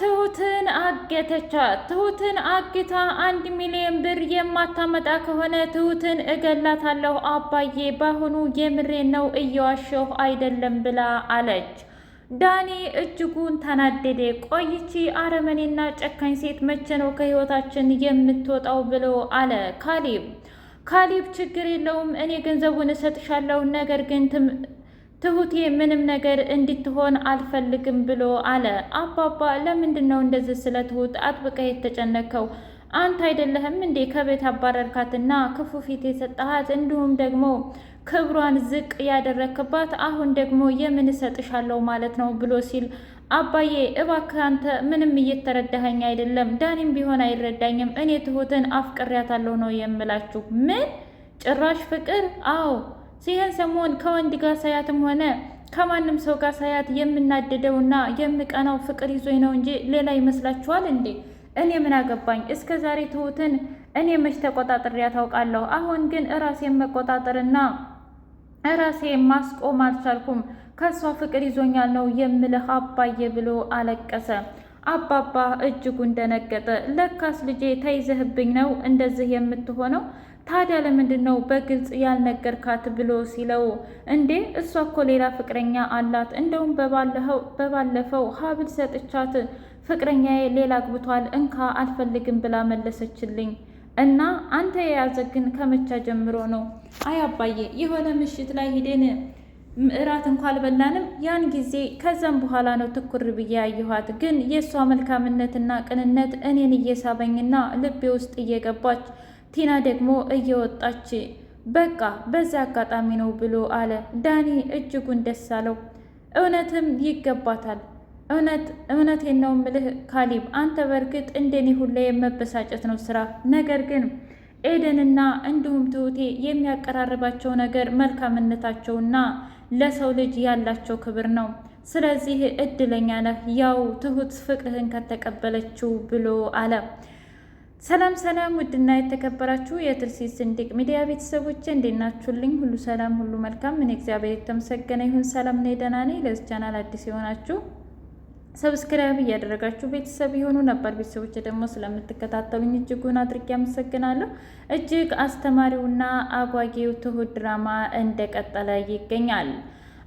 ትሁትን አገተቻት። ትሁትን አግታ አንድ ሚሊዮን ብር የማታመጣ ከሆነ ትሁትን እገላታለሁ አባዬ፣ በአሁኑ የምሬ ነው እየዋሸሁ አይደለም ብላ አለች። ዳኒ እጅጉን ተናደደ። ቆይቺ አረመኔና ጨካኝ ሴት መቼ ነው ከህይወታችን የምትወጣው ብሎ አለ ካሌብ። ካሌብ ችግር የለውም እኔ ገንዘቡን እሰጥሻለሁ ነገር ግን ትሁቴ ምንም ነገር እንድትሆን አልፈልግም ብሎ አለ። አባባ ለምንድን ነው እንደዚህ ስለ ትሁት አጥብቀ የተጨነከው? አንተ አይደለህም እንዴ ከቤት አባረርካትና ክፉ ፊት የሰጠሃት እንዲሁም ደግሞ ክብሯን ዝቅ ያደረክባት፣ አሁን ደግሞ የምን እሰጥሻለሁ ማለት ነው ብሎ ሲል አባዬ እባክህ አንተ ምንም እየተረዳኸኝ አይደለም። ዳኒም ቢሆን አይረዳኝም። እኔ ትሁትን አፍቅሬያታለሁ ነው የምላችሁ። ምን ጭራሽ ፍቅር? አዎ ሲሄን ሰሞን ከወንድ ጋር ሳያትም ሆነ ከማንም ሰው ጋር ሳያት የምናደደውና የምቀናው ፍቅር ይዞኝ ነው እንጂ ሌላ ይመስላችኋል እንዴ? እኔ ምን አገባኝ? እስከ ዛሬ ትሁትን እኔ መች ተቆጣጥሬ ያታውቃለሁ። አሁን ግን እራሴ መቆጣጠርና እራሴ ማስቆም አልቻልኩም። ከእሷ ፍቅር ይዞኛል ነው የምልህ አባዬ ብሎ አለቀሰ። አባባ እጅጉን ደነገጠ። ለካስ ልጄ ተይዘህብኝ ነው እንደዚህ የምትሆነው ታዲያ ለምንድን ነው በግልጽ ያልነገርካት ብሎ ሲለው፣ እንዴ እሷ እኮ ሌላ ፍቅረኛ አላት። እንደውም በባለፈው ሀብል ሰጥቻት ፍቅረኛዬ ሌላ አግብቷል እንካ አልፈልግም ብላ መለሰችልኝ። እና አንተ የያዘ ግን ከምቻ ጀምሮ ነው? አይ አባዬ የሆነ ምሽት ላይ ሂደን ምዕራት እንኳ አልበላንም ያን ጊዜ። ከዛም በኋላ ነው ትኩር ብዬ ያየኋት። ግን የእሷ መልካምነትና ቅንነት እኔን እየሳበኝና ልቤ ውስጥ እየገባች ቲና ደግሞ እየወጣች በቃ በዛ አጋጣሚ ነው ብሎ አለ። ዳኒ እጅጉን ደስ አለው። እውነትም ይገባታል። እውነት እውነቴን ነው ምልህ ካሊብ፣ አንተ በእርግጥ እንደኔ ሁላ የመበሳጨት ነው ስራ። ነገር ግን ኤደንና እንዲሁም ትሁቴ የሚያቀራርባቸው ነገር መልካምነታቸውና ለሰው ልጅ ያላቸው ክብር ነው። ስለዚህ እድለኛ ነህ፣ ያው ትሁት ፍቅርህን ከተቀበለችው ብሎ አለ ሰላም ሰላም፣ ውድና የተከበራችሁ የትርሲት ስንዴቅ ሚዲያ ቤተሰቦች እንዴት ናችሁልኝ? ሁሉ ሰላም፣ ሁሉ መልካም። ምን እግዚአብሔር የተመሰገነ ይሁን። ሰላም ነኝ፣ ደህና ነኝ። ለዚህ ቻናል አዲስ የሆናችሁ ሰብስክራይብ እያደረጋችሁ ቤተሰብ የሆኑ ነባር ቤተሰቦች ደግሞ ስለምትከታተሉኝ እጅጉን አድርጌ አመሰግናለሁ። እጅግ አስተማሪውና አጓጌው ትሁት ድራማ እንደቀጠለ ይገኛል።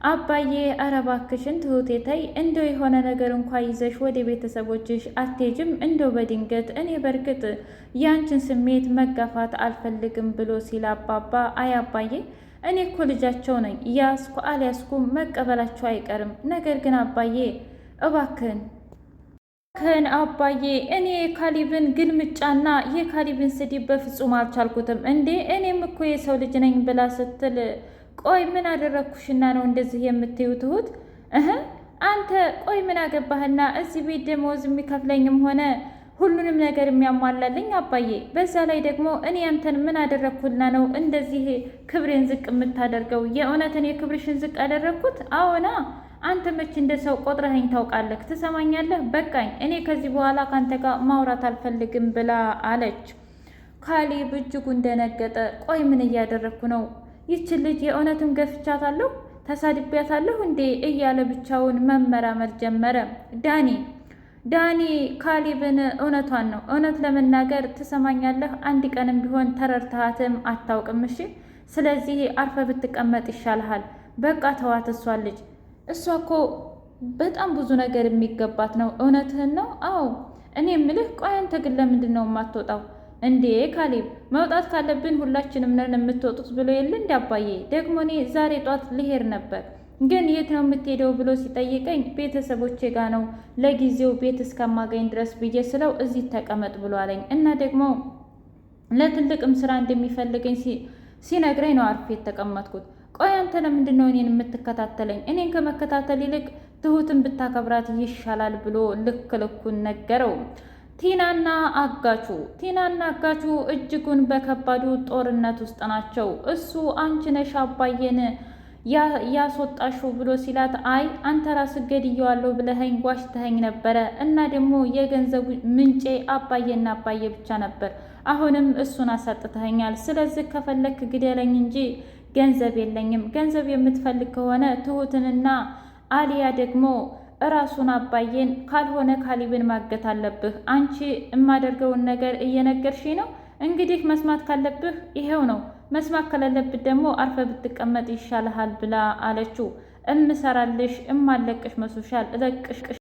አባዬ ኧረ እባክሽን ትሁቴ ተይ፣ እንደው የሆነ ነገር እንኳ ይዘሽ ወደ ቤተሰቦችሽ አትሄጂም? እንደው በድንገት እኔ በእርግጥ ያንችን ስሜት መጋፋት አልፈልግም ብሎ ሲል አባባ አይ አባዬ እኔ እኮ ልጃቸው ነኝ፣ ያስኩ አልያስኩ መቀበላቸው አይቀርም። ነገር ግን አባዬ እባክን ከን አባዬ እኔ የካሊብን ግልምጫና የካሊብን ስድብ በፍጹም አልቻልኩትም። እንዴ እኔም እኮ የሰው ልጅ ነኝ ብላ ስትል ቆይ ምን አደረግኩሽና ነው እንደዚህ የምትዩ? ትሁት እህ አንተ ቆይ ምን አገባህና እዚህ ቤት ደመወዝ የሚከፍለኝም ሆነ ሁሉንም ነገር የሚያሟላልኝ አባዬ። በዛ ላይ ደግሞ እኔ አንተን ምን አደረግኩና ነው እንደዚህ ክብሬን ዝቅ የምታደርገው? የእውነትን የክብርሽን ዝቅ አደረግኩት? አዎና። አንተ መች እንደ ሰው ቆጥረኸኝ ታውቃለህ? ትሰማኛለህ? በቃኝ። እኔ ከዚህ በኋላ ከአንተ ጋር ማውራት አልፈልግም ብላ አለች። ካሌብ እጅጉ እንደነገጠ ቆይ ምን እያደረግኩ ነው ይች ልጅ የእውነትም ገፍቻታለሁ ተሳድቤያታለሁ እንዴ እያለ ብቻውን መመራመር ጀመረ። ዳኒ ዳኒ ካሊብን እውነቷን ነው። እውነት ለመናገር ትሰማኛለህ፣ አንድ ቀንም ቢሆን ተረድተሃትም አታውቅም። እሺ፣ ስለዚህ አርፈ ብትቀመጥ ይሻልሃል። በቃ ተዋት፣ እሷ ልጅ እሷ እኮ በጣም ብዙ ነገር የሚገባት ነው። እውነትህን ነው። አዎ እኔ የምልህ ቆይ አንተ ግን ለምንድን ነው የማትወጣው? እንዴ ካሌብ መውጣት ካለብን ሁላችንም ነን የምትወጡት ብሎ የለ እንዲ አባዬ። ደግሞ እኔ ዛሬ ጧት ልሄድ ነበር ግን የት ነው የምትሄደው ብሎ ሲጠይቀኝ ቤተሰቦቼ ጋ ነው ለጊዜው ቤት እስከማገኝ ድረስ ብዬ ስለው እዚህ ተቀመጥ ብሎ አለኝ። እና ደግሞ ለትልቅም ስራ እንደሚፈልገኝ ሲነግረኝ ነው አርፌ የተቀመጥኩት። ቆይ አንተ ለምንድን ነው እኔን የምትከታተለኝ? እኔን ከመከታተል ይልቅ ትሁትን ብታከብራት ይሻላል ብሎ ልክ ልኩን ነገረው። ቲናና አጋቹ ቲናና አጋቹ እጅጉን በከባዱ ጦርነት ውስጥ ናቸው። እሱ አንቺ ነሽ አባዬን ያስወጣሽው ብሎ ሲላት፣ አይ አንተ ራስ ገድየዋለሁ ብለኸኝ ዋሽተኸኝ ነበረ እና ደግሞ የገንዘቡ ምንጬ አባዬና አባዬ ብቻ ነበር። አሁንም እሱን አሳጥተኸኛል። ስለዚህ ከፈለክ ግደለኝ እንጂ ገንዘብ የለኝም። ገንዘብ የምትፈልግ ከሆነ ትሁትንና አሊያ ደግሞ እራሱን አባዬን ካልሆነ ካሊብን ማገት አለብህ። አንቺ የማደርገውን ነገር እየነገርሽ ነው። እንግዲህ መስማት ካለብህ ይሄው ነው፣ መስማት ከሌለብህ ደግሞ አርፈ ብትቀመጥ ይሻልሃል ብላ አለችው። እምሰራልሽ እማለቅሽ መስሎሻል? እለቅሽ